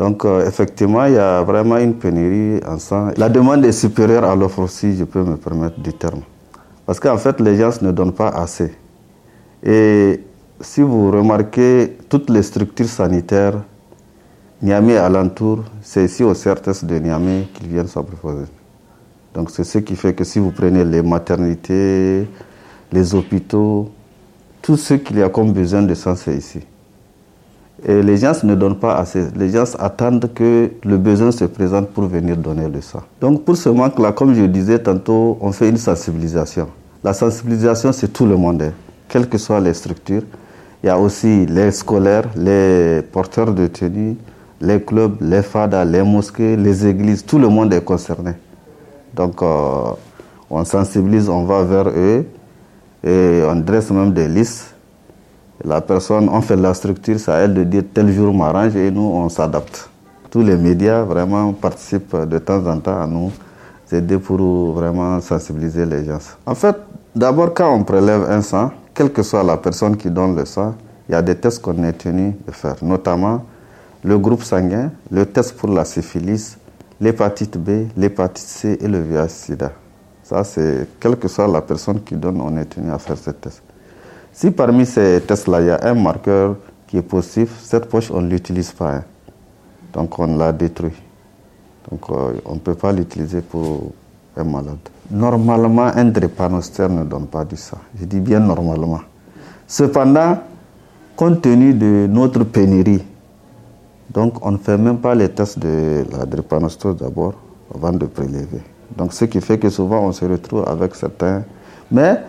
Donc, euh, effectivement, il y a vraiment une pénurie en sang. La demande est supérieure à l'offre, aussi, je peux me permettre du terme. Parce qu'en fait, les gens ne donnent pas assez. Et si vous remarquez, toutes les structures sanitaires, Niamey alentour, c'est ici au CRTS de Niamey qu'ils viennent proposer. Donc, c'est ce qui fait que si vous prenez les maternités, les hôpitaux, tout ce qu'il y a comme besoin de sang, c'est ici. Et les gens ne donnent pas assez. Les gens attendent que le besoin se présente pour venir donner le sang. Donc pour ce manque-là, comme je disais tantôt, on fait une sensibilisation. La sensibilisation, c'est tout le monde, hein. quelles que soient les structures. Il y a aussi les scolaires, les porteurs de tenue, les clubs, les fadas, les mosquées, les églises, tout le monde est concerné. Donc euh, on sensibilise, on va vers eux et on dresse même des listes la personne, on fait la structure, ça à elle de dire tel jour m'arrange et nous, on s'adapte. Tous les médias vraiment participent de temps en temps à nous aider pour vraiment sensibiliser les gens. En fait, d'abord, quand on prélève un sang, quelle que soit la personne qui donne le sang, il y a des tests qu'on est tenu de faire, notamment le groupe sanguin, le test pour la syphilis, l'hépatite B, l'hépatite C et le VIH-Sida. Ça, c'est quelle que soit la personne qui donne, on est tenu à faire ce test. Si parmi ces tests-là, il y a un marqueur qui est positif, cette poche, on ne l'utilise pas. Hein. Donc on la détruit. Donc euh, on ne peut pas l'utiliser pour un malade. Normalement, un drépanostère ne donne pas du sang. Je dis bien normalement. Cependant, compte tenu de notre pénurie, donc on ne fait même pas les tests de la drépanocytose d'abord avant de prélever. Donc ce qui fait que souvent on se retrouve avec certains. Mais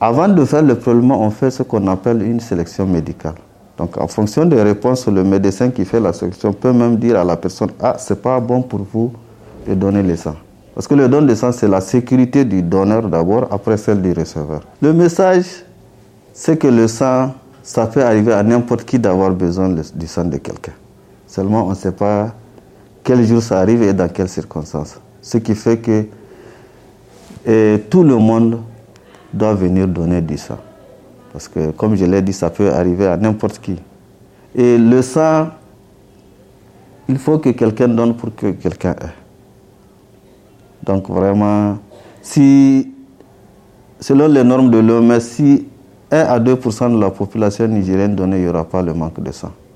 avant de faire le prélèvement, on fait ce qu'on appelle une sélection médicale. Donc, en fonction des réponses, le médecin qui fait la sélection peut même dire à la personne Ah, c'est pas bon pour vous de donner le sang. Parce que le don de sang, c'est la sécurité du donneur d'abord, après celle du receveur. Le message, c'est que le sang, ça peut arriver à n'importe qui d'avoir besoin du sang de quelqu'un. Seulement, on ne sait pas quel jour ça arrive et dans quelles circonstances. Ce qui fait que tout le monde doit venir donner du sang. Parce que, comme je l'ai dit, ça peut arriver à n'importe qui. Et le sang, il faut que quelqu'un donne pour que quelqu'un ait. Donc, vraiment, si, selon les normes de l'OMS, si 1 à 2 de la population nigérienne donne, il n'y aura pas le manque de sang.